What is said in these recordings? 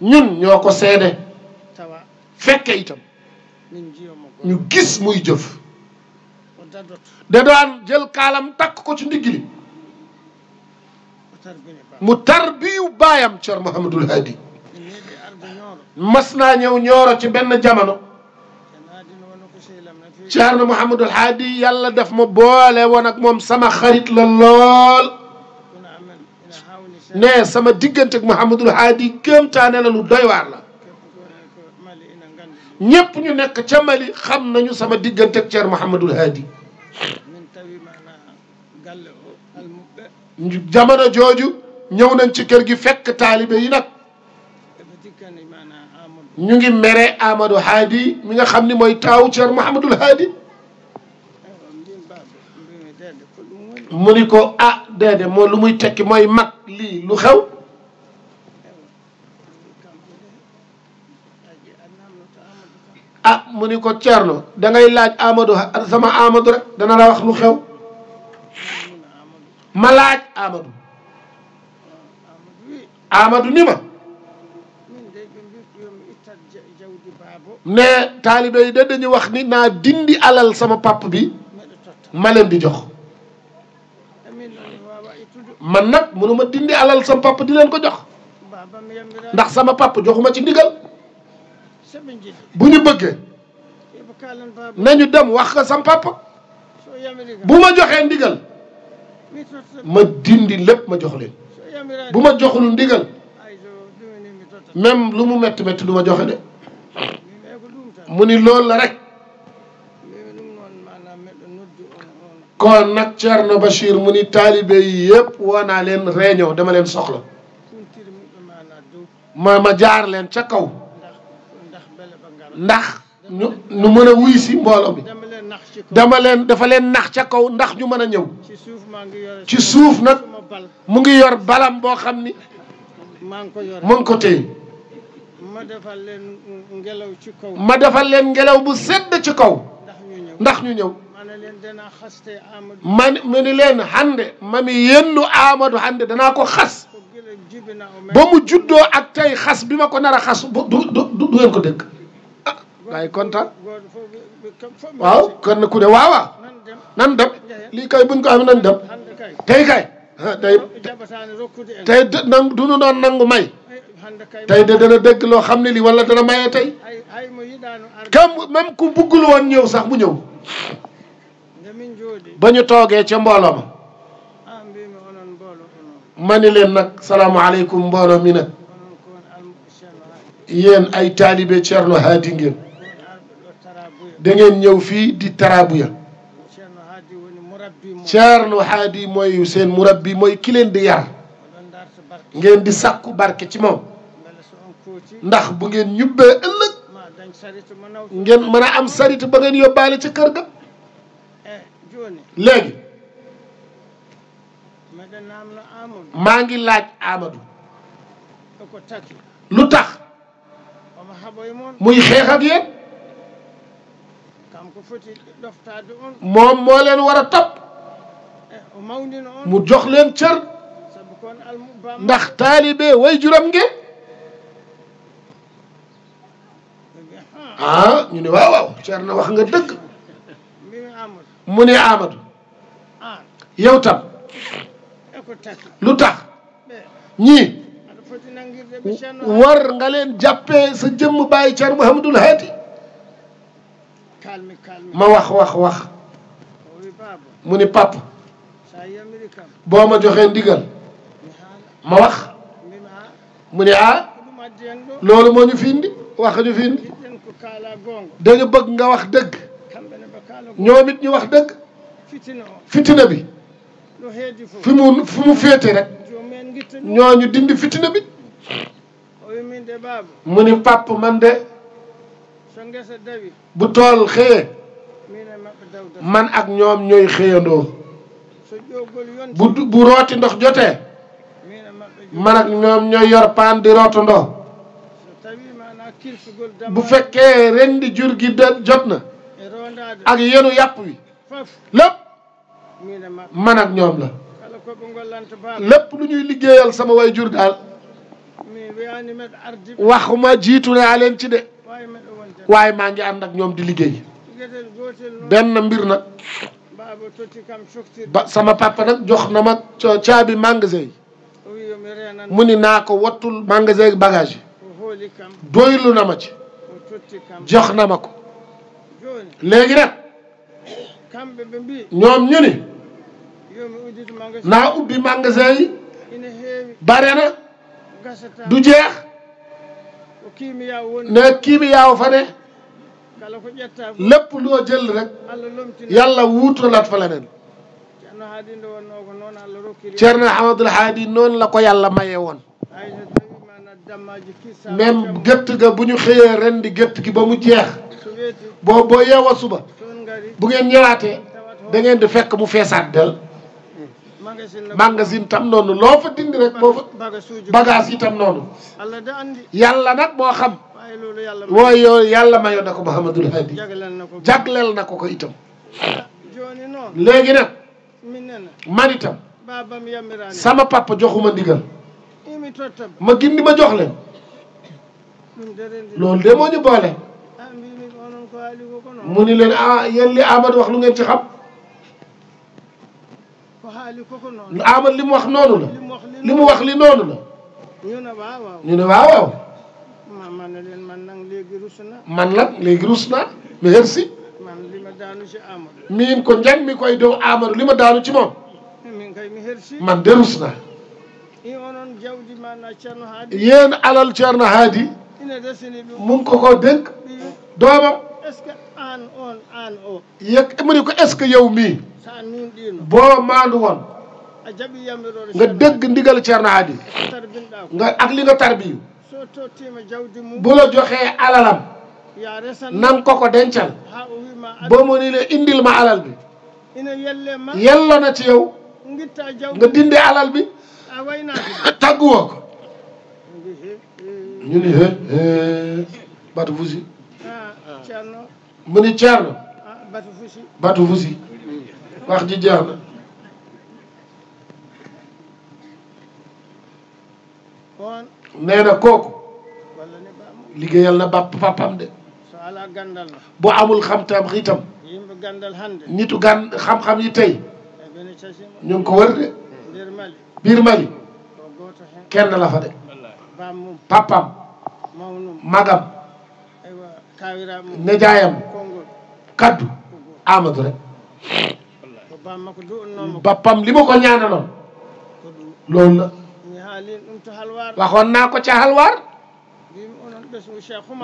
ñun ñoo ko seede fekke itam ñu gis muy jëf da daan jël kaalam takk ko ci ndigg li mu tarbiyu baayam Ceer Muhammadul Hadi mas naa ñëw ñooro ci benn jamono Ceerno Muhammadul Hadi yàlla def ma boole woon moom sama xarit la lool ne sama diggante ak Mouhamadul Haadi gëmtaane la lu doy waar la ñëpp ñu nekk ca Mali xam nañu sama diggante ak Ceer Mouhamadul Haadi jamono jooju ñëw nañ ci kër gi fekk taalibe yi nag ñu ngi mere Amadou Haadi mi nga xam ni mooy taawu Ceer Mouhamadul Haadi mu ni ko ah déedéet moo lu muy tekki mooy mag lii lu xew a ah, mu ni ko Thierno da ngay laaj Amadou sama Amadou rek dana la wax lu xew ma laaj amadu ni ma mais taalibe yi dañu wax ni naa dindi alal sama pap bi ma leen di jox man nag ma dindi alal sama papa di leen ko jox ndax sama papa joxuma ci ndigal bu ñu bëggee nañu dem wax ko sama papa bu ma joxee ndigal ma dindi lépp ma jox leen bu ma joxlu ndigal même lu mu métti métti lu ma joxe de mu ni loolu la rek. kon nag Thierno Bachir mu ni taalibe yi yëpp woo naa leen réunion dama leen soxla ma ma jaar leen ca kaw ndax ñu ñu mën a wuy si mbooloo mi dama leen dafa leen nax ca kaw ndax ñu mën a ñëw ci suuf nag mu ngi yor balam boo xam ni mu ngi ko téye ma defal leen ngelaw bu sedd ci kaw ndax ñu ñëw man mi ni leen hande mami yendu Amadou hande danaa ko xas ba mu juddoo ak tay xas bi ma ko nara a xas du du ko dégg ah maa ngi waaw kenn ku ne waawaa nan dem lii kay buñ ko amee dem tey kay ah, tey tey nan du ñu doon nangu may tey de dana dégg loo xam ne lii wala dana maye tey kam même ku buggul woon ñëw sax mu ñëw ba ñu toogee ca mbooloo ma ah, ma ni leen nag salaamaaleykum mbooloo mi nag yéen ay taalibe Ceerno Haadi ngeen da ngeen ñëw fii di taraabuya Ceerno Haadi mooy seen murabbi mooy kileen di yar ngeen di sàkku barke ci moom ndax bu ngeen ñubbee ëllëg ngeen mën a am sarit ba ngeen yóbbaale ca kër ga léegi maa ngi laaj Amadou lu tax muy xeex ak yéen moom moo leen war a topp eh, mu jox leen cër ndax taalibe way juram nge ah ñu ne waaw waaw Ceerno wax nga dëgg mu ne Amadou yow tam lu tax ñii war nga leen jàppee sa jëmm car Thierno Mouhamadul Haadi ma wax wax wax mu ne papa boo ma joxee ndigal ma wax mu ne ah loolu moo ñu fi indi wax ñu fi indi bëgg nga wax dëgg. ñoom it ñu wax dëgg fitina bi fi mu fi mu féete rek ñooñu dindi fitina bi mu ni pàpp man de bu tool xëyee man ak ñoom ñooy xëyandoo bu rooti ndox jotee man ak ñoom ñooy yor paan di rootandoo bu fekkee rendi jur gi de jot na ak yenu yàpp wi lépp man ak ñoom la lépp lu ñuy liggéeyal sama way jur daal waxuma jiitu naa leen ci de waaye maa ngi ànd ñoom di liggéey benn mbir nag ba sama papa nag jox na ma caabi magasin yi mu ni naa ko wattul magasin bagage yi doylu na ma jox na ma léegi nag ñoom ñu ni naa ubbi magasin yi bare na du jeex ne kiimiyaaw fa ne lépp loo jël rek yàlla wuutalaat fa leneen Ceerno Amadul Haadi noonu la ko yàlla maye woon même gétt ga bu ñu xëyee ren di gétt gi ba mu jeex boo boo yeewoo suba bu ngeen ñëwaatee da di fekk mu feesaat del magasin tam noonu loo fa dindi rek boo fa bagage yi tam noonu yàlla nag moo xam woo yoo yàlla mayoon na ko Mouhamadul Hadi jagleel na ko ko itam léegi nag man itam sama papa joxuma ndigal ma gindi ma jox leen loolu de moo boole mu ni leen ah yéen li wax lu ngeen ci xam Ahmad li mu wax noonu la li mu wax li noonu la ñu ne waaw waaw man nag léegi rus na man nag léegi rus na merci miin ko njang mi li ma daanu ci moom man de rus na yéen alal Ceerno Haadi mu ngi ko ko dénk doomam est-ce ko est-ce que yow mii boo maandu woon a nga dégg ndigal ceerno adi tarbinɗa nga ak li nga tarbiyu so tottima alalam nan ko ko dencal ha o wima mu ni le indil ma alal bi ina na ci yow nga dindi alal bi a waynaaki mu ni Thierno batu fu si wax ji jeex na nee na kooku liggéeyal na bàpp de bu amul xam-tam xiitam nitu gan xam-xam yi tey eh, ñu ko wër de biir Mali kenn la de papam magam nijaayam kaddu Amadou rek bappam li ko ñaanaloon loolu la um waxoon naa ko ca halwaar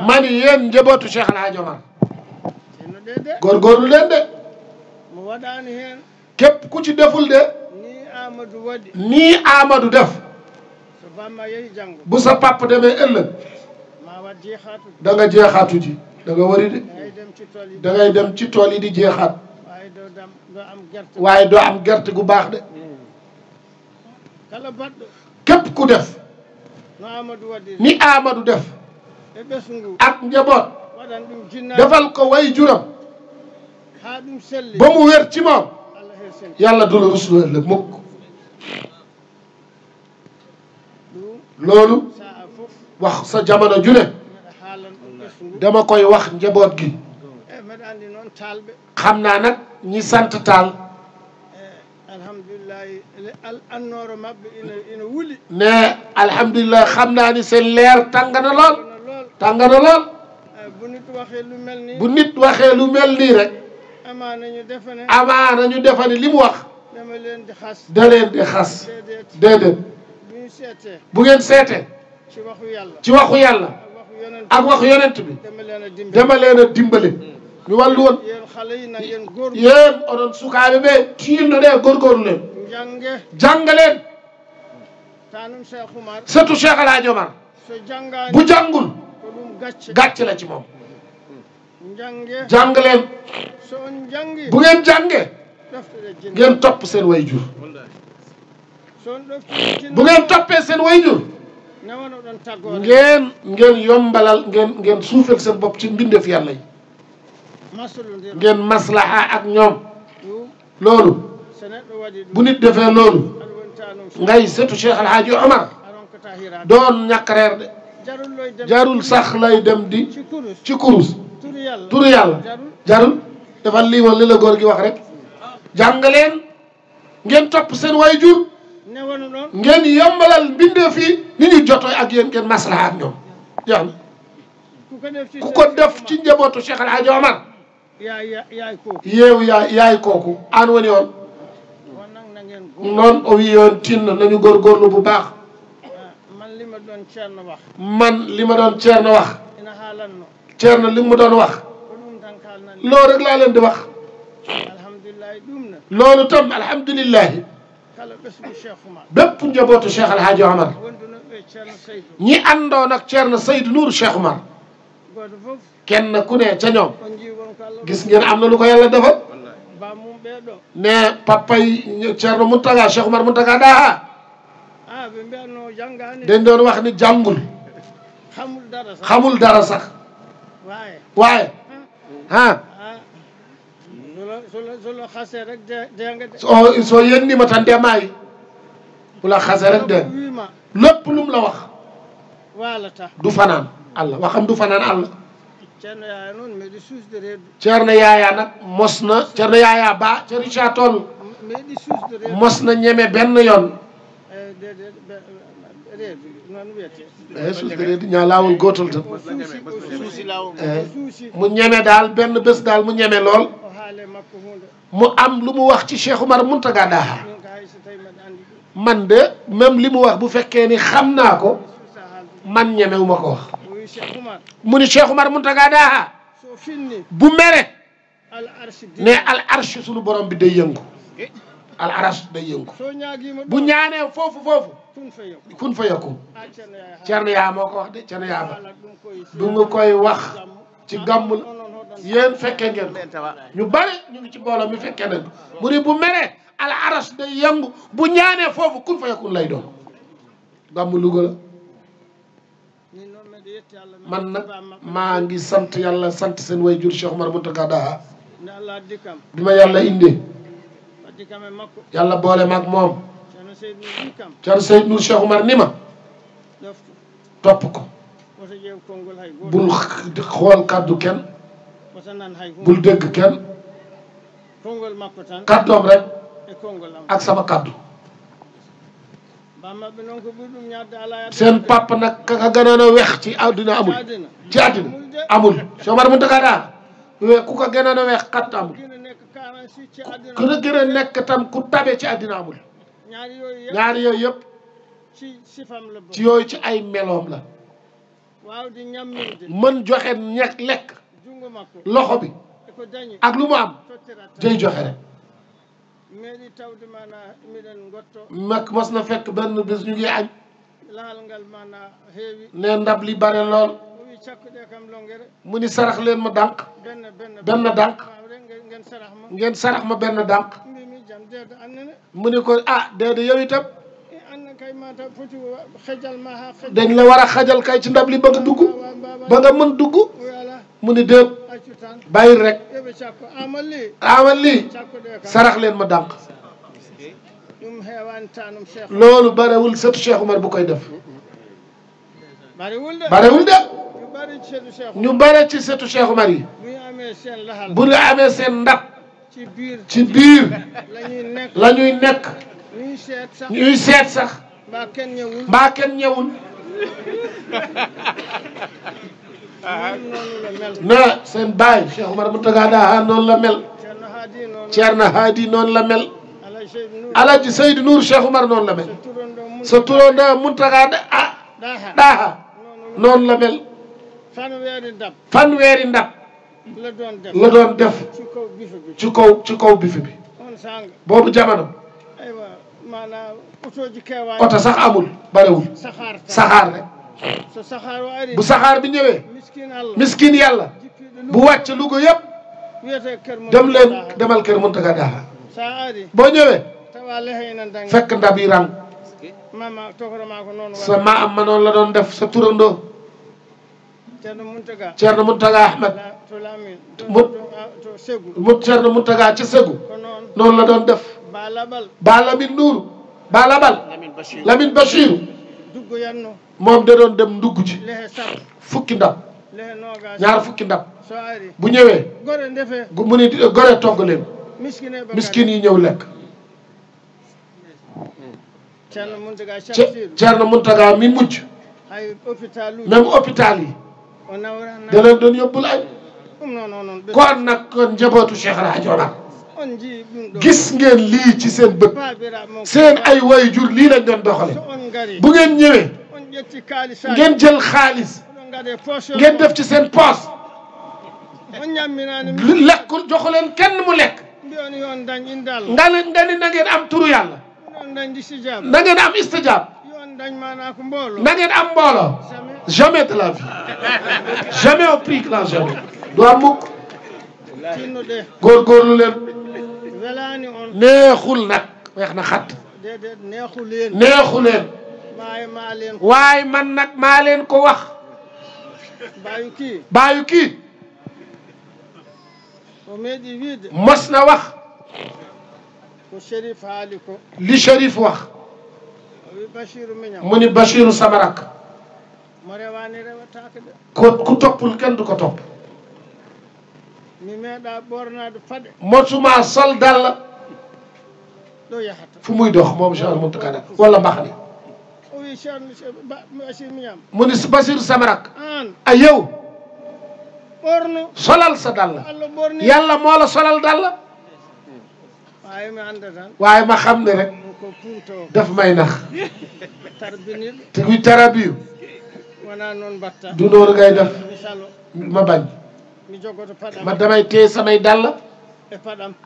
man yéen njabootu Cheikh El Hadj Omar góorgóorlu leen de képp ku ci deful de nii Amadou def bu sa papa demee ëllëg. da nga jeexaatu ji da nga wari de da ngay dem ci tool yi di jeexaat waaye doo am gerte gu baax de képp ku def ni Amadou def ak njaboot defal ko way juram ba mu wér ci moom yàlla du la rusloo ëllëg mukk loolu wax sa jamono june dama koy wax njaboot gi xam naa nag ñi sant taal ne alhamdulilah xam naa ni seen leer tàng na lool tàng lool bu nit waxee lu mel nii rek amaana ñu defe ne li mu wax da leen di xas déedéet bu ngeen seete ci waxu yàlla ci waxu yàlla ak waxu yonent bi dama leen a dimbale ñu wàllu woon yéen onon sukaaɓe ɓe tiinno ɗe gorgorlu leen jannga leen surtout Cheikh Alhaji Omar bu jàngul gàcce la ci moom jàng leen bu ngeen jàngee ngeen topp seen way jur bu ngeen toppee seen way jur ngeen ngeen yombalal ngeen ngeen suufeel seen bopp ci mbindeef yàlla yi ngeen maslaha ak ñoom loolu bu nit defee loolu ngay setu Cheikh El Hadj Omar doon ñàkk reer de jarul sax lay dem di ci kurus turu yàlla jarul defal lii wala li la góor wax rek jàng leen ngeen topp seen waajur ngeen yombalal mbindeef yi ni ñu jotoo ak yéen ngeen maslaha ak ñoom jeex na ku ko def ci njabootu Cheikh El Hadj Omar yeew yaay yaay kooku aan woni on noon o wi on tin nañu góorgóorlu bu baax ah, man li ma doon ceerno wax ceerno li mu doon wax loolu rek laa leen di wax loolu tam alhamdulillahi bépp njabootu Cheikh El Hadj Omar ñi àndoon ak Thierno Seydou Nour Cheikh Omar kenn ku ne ca ñoom gis ngeen am na lu ko yàlla defal ne papay Thierno Mountaga Cheikh Omar Mountaga Daha ah, dañ doon wax ni jàngul xamul dara sax waaye ah. ah. soo soo yennima tan ndemayi bu la xase rek den lépp lum la wax du fanaan allah waxam du fanaan allah ceerno yaaya nag mos na ceerno yaaya ba ceerno Richard Toll mos na ñeme benn yoon eyi suusde reedi mu ñeme daal benn bés daal mu ñeme lool mu am lu mu wax ci Cheikh Oumar Mountaga Daha man de même li mu wax bu fekkee ni xam naa ko man ñemewu ko wax mu ni Cheikh Oumar Mountaga Daha bu mere ne al arsh sunu borom bi day yëngu eh. al arsh day yëngu bu ñaanee foofu foofu kun ah, yaa moo ko wax du nga koy wax ci gàmmul yéen fekkee ngeen ñu bari ñu ngi ci mbooloo mi fekkee nañ ko murid bu meree al day yëngu bu ñaanee foofu kun fa yakun lay doon gàmmu Louga man nag maa ngi sant yàlla sant seen wayjur Cheikh Omar Mountaga Daha bi ma yàlla indi yàlla boole maag moom Thierno Seydou Nour Cheikh Omar ni ma topp ko bul xool kàddu kenn bul dégg kenn kàddoom rek e ak sama kàddu seen papa nag ka ka gënoon a weex ci àddina amul ci àddina amul soo mar mu dëkka daal we ku ko gënoon a weex xat amul ku la gën a nekk tam ku tabe ci àddina amul ñaar yooyu yëpp ci yooyu ci ay meloom la mën joxe ñekk lekk loxo bi ak lu mu am day joxe rek mak mos na fekk benn bés ñu ngi añ ne ndab li bare lool mu ni sarax leen ma dànq benn dànq ngeen sarax ma benn dànq mu ni ko ah déedéet yow itam dañ la war a xajal kay ci ndab li bëgg dugg ba nga mën dugg mu ni déet bàyyi rek amal lii sarax leen ma dànq loolu barewul sëtu Cheikh Umar bu koy def barewul de ñu bare ci sëtu Cheikh Umar yi amee seen ndab ci biir la ñuy nekk ñuy seet sax mbaa kenn ñëwul mbaa kenn ñëwul na seen baay Cheikh Daha noonu la mel Hadi noonu la mel Alaji Seydou Nour Cheikh Omar noonu la mel ah, Daha noonu la mel fanweeri ndab fanweeri doon def ci kaw ci bifi bi boobu jamono oto sax amul barewul saxaar rek bu saxaar bi ñëwee miskin yàlla bu wàcc Louga yëpp dem leen demal kër Mountaga Daha boo ñëwee fekk ndab yi rang sa ma am ma noonu la doon def sa turandoo Ceerno Mountaga Ahmed mu Ceerno Mountaga ci Segu noonu la doon def ba Lamine Nuuru ba Labal Lamine moom da doon dem ndugg ci fukki ndam ñaar fukki ndam bu ñëwee mu ni gore togg leen miskin yi ñëw lekk Ceerno Muntaga mi mucc même hôpital yi da leen doon yóbbul añ um, kon nag kon njabootu Cheikh Rajo la gis ngeen lii ci seen bët seen ay waajur lii lañ doon doxale bu ngeen ñëwee ngeen jël xaalis ngeen def ci seen poos lekk jox leen kenn mu lekk nga ne nga ne na ngeen am turu yàlla na ngeen am istijaab na ngeen am mbooloo jamais de la vie jamais au prix que la jamais du am mukk góorgóorlu leen neexul nag weex na xat neexu leen neexu leen waaye man nag maa leen ko wax baayu kii baayu kii mos na wax li Cherif wax mu ni Bachiru sama rakk ko ku toppul kenn du ko topp mi meeɗa ɓornade sol dalla fu muy dox moom Cheikh Mountakha nag wala mbaxane o wi cheikh miyam mu ni Basiru Samarak an a yow ɓorno solal sa dalla yàlla moo solal dalla waaye ma xam ne rek daf may nax tarbiniɗo te tarabiyu noon mbatta du noonu ngay def ma bañ man damay téye samay dàll e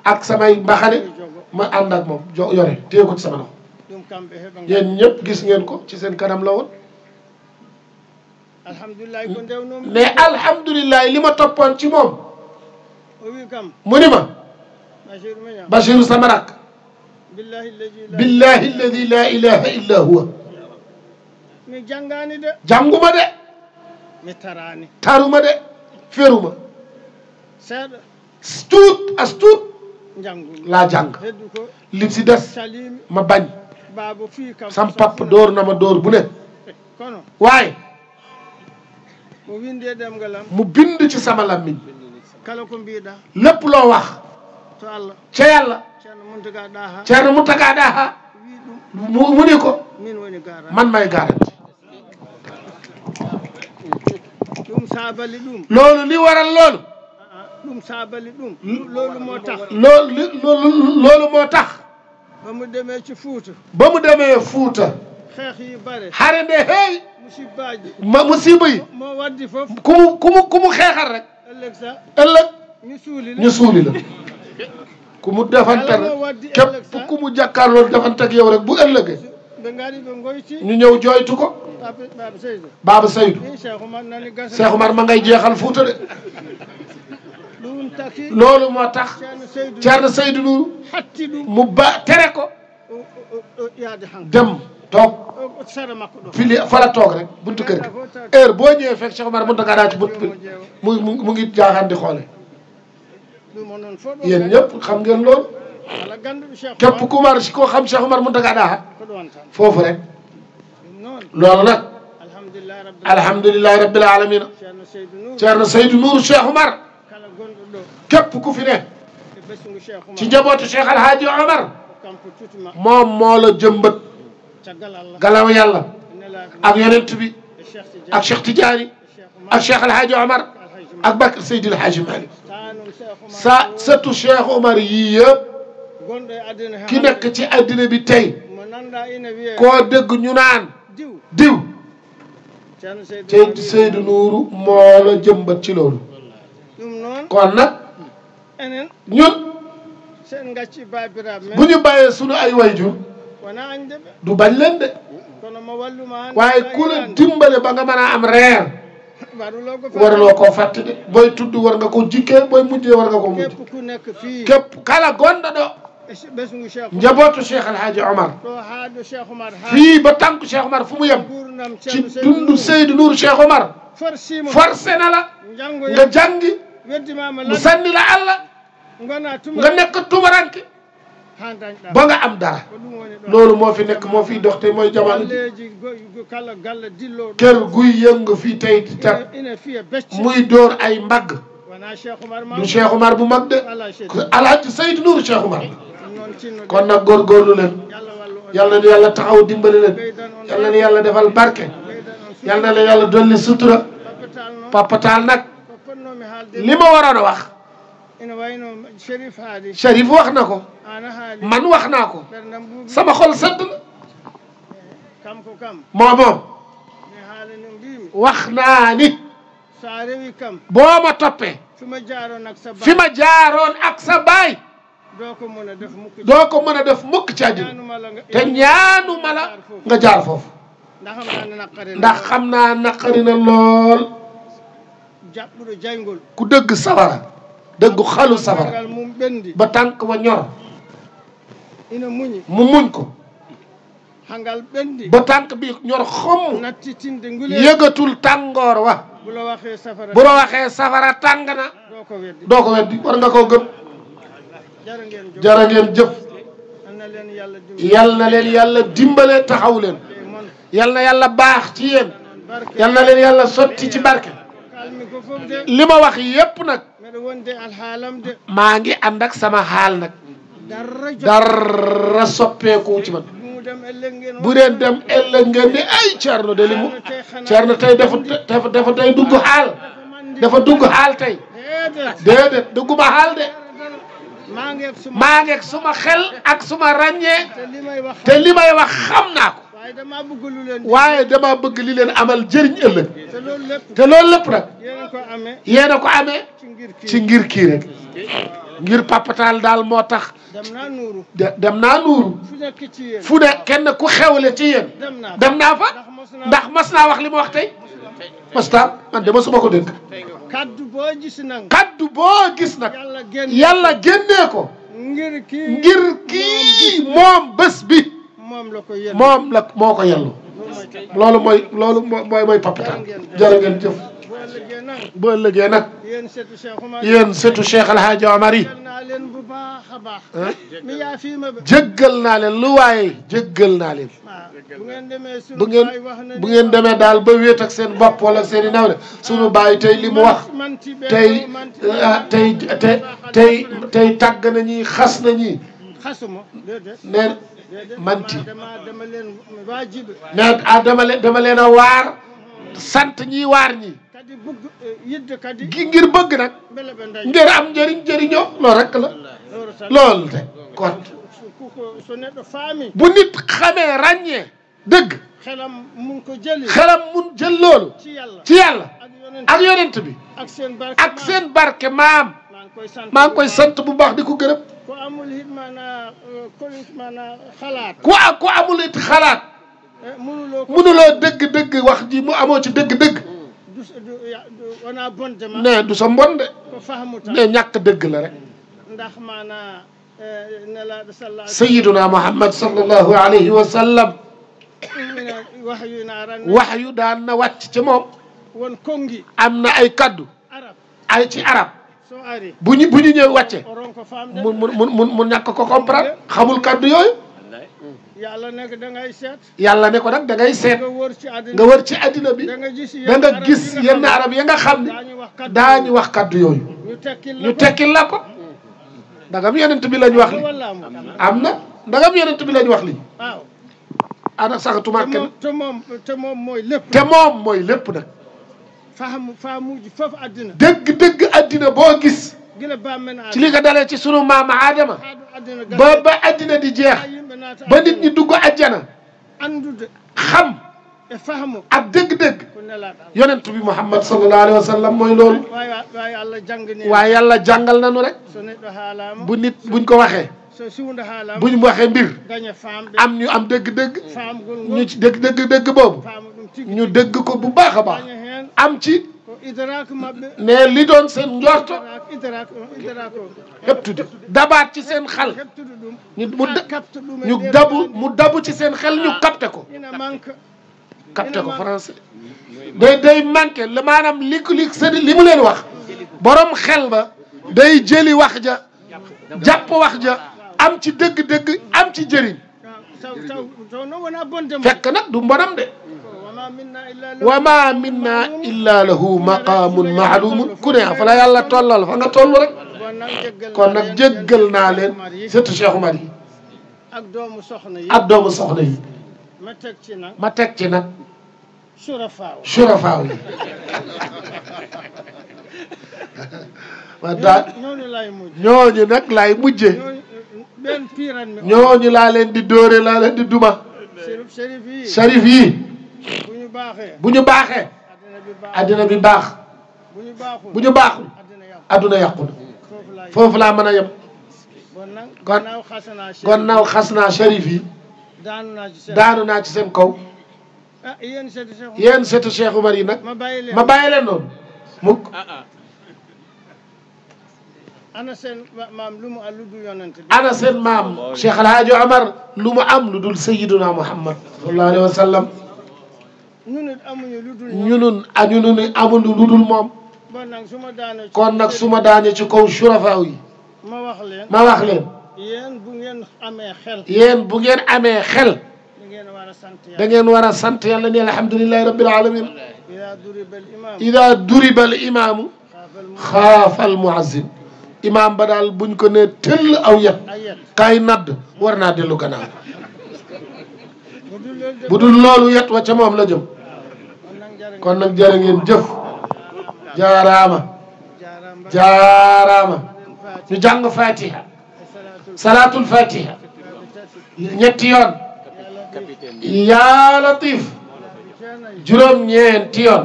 ak samay mbaxane ma ànd ak moom yore téye ko sama loxo yéen ñëpp gis ngeen ko ci seen kanam la woon mais alhamdulilah li ma toppoon ci moom mu ni ma sama rakk billahi alladi la ilaha illa huwa jànguma de taruma de feruma tuut as tuut laa jàng li si des ma bañ sam pap door na ma dóor bu ne waaye mu bind ci sama làmmiñ lépp loo wax ca yàlla ceerno Muntaga Daha mu ni ko man may garanti loolu li waral loolu ɗum saabali ɗum hmm? loolu moo tax loolu loolu moo tax ba mu demee ci fuuta ba mu demee fuuta xeex yi bare xare nde heewi musibbaaji ma musiba yi moo waddi fof ku mu ku mu ku mu xeexal rek ëllëg sa ëllëg ñu suuli la ñu suuli la ku mu defanteeg képp ku mu jàkkaarloo defanteeg yow rek bu ëllëgee ñu ñëw jooytu ko. Baba Seydou Baba Seydou. Eh, Cheikh Oumar ma ngay jeexal Fuuta de. loolu moo tax Thierno Seydou Nourou mu ba tere ko dem toog fili fa la toog rek buntu kër gi heure boo ñëwee fekk Cheikh Omar Mountaga daa ci buntu bi mu mu ngi jaaxaan di xoole yéen ñëpp xam ngeen loolu képp ku mar si koo xam Cheikh Omar Mountaga daa foofu rek loolu nag alhamdulilahi rabbil alamin Thierno Seydou Nourou Cheikh Omar képp ku fi ne ci njabootu Cheikh Al Hadj Omar moom moo la jëmbat galaw yàlla ak yonent bi ak Cheikh Tidiane ak Cheikh Al Hadj Omar ak Bakr Seydil Hadj Malick sa sëtu Cheikh Omar yii yëpp ki nekk ci addina bi tey koo dégg ñu naan diw Seydou Seydou Nourou moo la jëmbat ci loolu kon nag. ñun bu ñu sunu ay wayjur du bañ leen de waaye ku la dimbale ba nga mën a am reer waraloo koo fàtte de booy tudd war nga ko jikkee booy mujjee war nga ko mujj képp kala gonda do njabootu Cheikh El Hadj Omar fii ba tànku Cheikh Omar fu mu yem ci dundu Seydou Nour Cheikh Omar forcé na nga jàngi. mu sanni la allah nga nekk tumaranke ba nga am dara loolu moo fi nekk moo fiy dox te mooy jamono ji kër guy yëngu fii tey tat muy dóor ay mbagg du Cheikh Umar bu mag de alaaji Seydou Nour Cheikh Umar kon nag góorgóorlu leen yàlla na yàlla taxaw dimbali leen yàlla na yàlla defal barke yàlla na yàlla dolli sutura papataal nag li ma waroon a wax Cherif wax na ko man wax naa ko sama xol sedd na moo moom wax naa ni boo ma toppee fi ma jaaroon ak sa baay doo ko mën a def mukk ci àddina te ñaanu ma la nga jaar foofu ndax xam naa naqari na lool ku dëgg sawara dëgg xalu sawara ba tànk wa ñor mu muñ ko ba tànk bi ñor xomm yëgatul tàngoor wa bu la waxee safara tàng na doo ko weddi war nga koo gëm jërë ngeen jëf yal na leen yàlla dimbale taxaw leen yal na yàlla baax ci yéen yal na leen yàlla sotti ci barke li ma wax yépp nag maa ngi ànd ak sama xaal nag dara soppeeku ci man bu deen dem ëllëg ngeen ni ay Thierno de li mu Thierno tey dafa dafa dafa tey dugg xaal dafa dugg xaal tey déedéet dugguma xaal de maa ngeeg suma xel ak suma ràññee te li may wax xam naa ko waaye dama bëgg li leen amal jëriñ ëllëg te loolu lépp nag yéen a ko amee ci ngir kii ngir papataal daal moo tax dem naa nuuru fu ne kenn ku xewle ci yéen dem naa fa ndax mas naa wax li ma wax tey pastal man de masuma ko dégg kaddu boo gis nag kaddu boo gis ngir kii moom bés moom la moo ko yellu loolu mooy loolu mooy mooy papitaan jërë ngeen jëf bu ëllëgee nag yéen setu Cheikh El Hadj Omar yi jéggal naa leen lu waaye jéggal naa leen bu ngeen bu ngeen demee daal ba wéet ak seen bopp wala seen i naw le suñu ah, bàyyi tey li mu wax tey ah, tey tey tey tàgg na xas na xasuma neen manti neen a dama leen ah dama leen a waar mm-hmm. sant ñi waar ñi eh, gi ngir bëgg nag ngir am njëriñ njëriñoo loolu rek la loolu de kon bu nit xamee ràññee dëgg xelam mun ko jël xelam mun jël loolu ci yàlla ak yonent bi ak seen barke maam maa ngi koy sant bu baax di ko gërëm ku amul it maanaam eh, maanaam xalaat. ku ku amul it xalaat. Eh, mënuloo mënuloo dëgg-dëgg wax ji mu amoo ci dëgg-dëgg. du du ne du sa mbon de. ne ñàkk dëgg la rek. ndax maanaam eh, ne la. sayyiduna Muhammad sallallahu alayhi wa sallam. wax yu daan na wàcc ci moom. am na ay kaddu. ay ci arab. bu ñu bu ñu ñëwee wàcce mu mu mu mu ñàkk ko comprendre xamul kàddu yooyu. yàlla ne ko da ngay seet. yàlla ne nag da ngay seet nga wër ci àddina bi da nga gis yenn arab ya nga xam ne daañu wax kàddu yooyu ñu tekkil la ko. yenen yonent bi lañ wax li am na ndagam yonent bi lañ wax li ana saxatuma kenn te moom te moom mooy lépp nag. faamu faamu foofu addina. dëgg dëgg addina boo gis. ci li ko dalee ci sunu maama Adama. ba ba addina di jeex. ba nit ñi dugg ajjana. xam. ak dëgg-dëgg. yonent bi Muhammad sallallahu alayhi wa sallam mooy loolu. waaye yàlla jàngal nañu rek. bu nit buñ ko waxee. bu ñu waxee mbir am ñu am dëgg-dëgg ñu ci dëgg dëgg dëgg boobu ñu dëgg ko bu baax a baax am ci ne li doon seen njort xëpp tuddi dabaat ci seen xal ñu mu ñu dabu mu dabu ci seen xel ñu capté ko capté ko français day day manqué la maanaam li li sëriñ li mu leen wax borom xel ba day jëli wax ja jàpp wax ja am ci dëgg-dëgg am ci jëriñ fekk na du mbonam de wa ma minna illa lahu maqaamun maalumun ku ne fa la yàlla tollal fa nga toll rek kon nag jéggal naa leen surtout Cheikh Oumar ak doomu soxna yi ak doomu soxna yi ma teg ci nag ma teg yi ñooñu laa leen di dóore laa leen di duma sharif bu ñu baaxee addina bi baax bu ñu baaxul adduna yàqu na foofu laa mën a yem kon kon naaw xas naa shérif yi daanu naa ci seen kaw ah, yéen seetu Cheikh Oumar yi nag ma bàyyi leen noonu mukk ah, ah. ana seen maam lu mu am lu dul yonent ana seen maam Cheikh El Hadj Omar lu mu am lu dul Sayyiduna Muhammad sallallahu alayhi wa sallam ñunun añunu ni amuñu lu dul moom kon nag su ma daane ci kaw surafaaw yi ma wax leen ma wax leen yéen bu ngeen amee xel yéen bu ngeen amee xel da ngeen war a sant yàlla ni alhamdulilahi rabbil alamin ida duriba al imaamu xaafa al muazzin imaam ba daal buñ ko ne tëll aw yet kaay nadd war naa dellu gannaaw bu dul loolu yet wa ca moom la jëm kon nag jërë ngeen jëf jaaraama jaaraama ñu jàng fatiha salaatul fatiha ñetti yoon yaa latif juróom-ñeenti yoon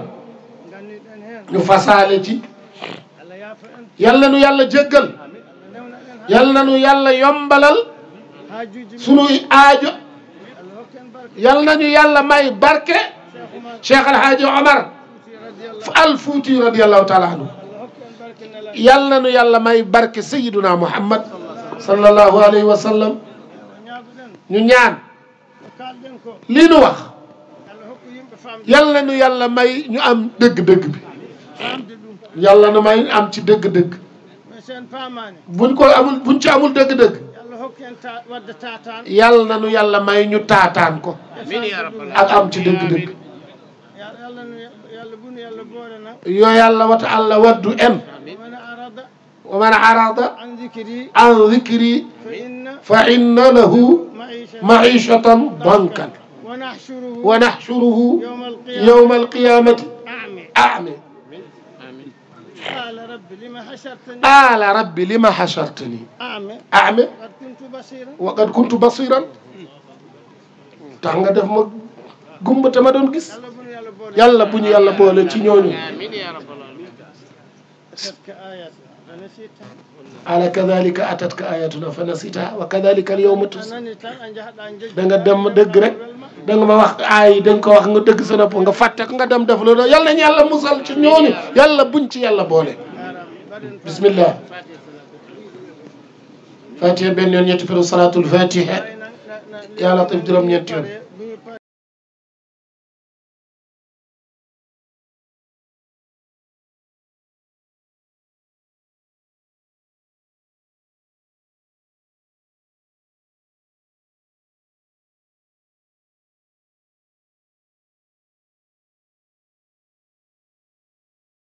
ñu fasaale ci yàlla nu yàlla jéggal yàlla nu yàlla yombalal sunuy aajo yàlla nu yàlla may barke cheikh alhaaji omar al fuuti radiallahu taala anhu yàlla na nu yàlla may barke sayiduna muhammad sallallahu alayhi wa sallam ñu ñaan lii nu wax yàlla nu yàlla may ñu am dëgg-dëgg bi yàlla nu may am ci dëgg-dëgg buñ ko amul buñ ci amul dëgg-dëgg yàlla na nu yàlla may ñu taataan ko ak am ci dëgg-dëgg yo yalla wata allah waddu en wa man arada an dicri fa inna lahu maicatan dankan wa nahshuruhu yowma alqiyamati ame qaala rabbi lima hashartani ame wa qad kuntu basiran tax nga def ma gumba tama doon gis yàlla bu ñu yàlla boole ci ñooñu ala kadalika atatka ayatuna fa nasita wa kadalika al yawma tus da nga dëgg rek da nga ma wax aay da ko wax nga dëgg sa nopp nga fàtte ko nga dem def loolu yàlla nañu yàlla musal ci ñooñu yàlla buñ ci yàlla boole bismillah fatiha benn ñetti firu salaatul fatiha ya latif juróom ñetti yoon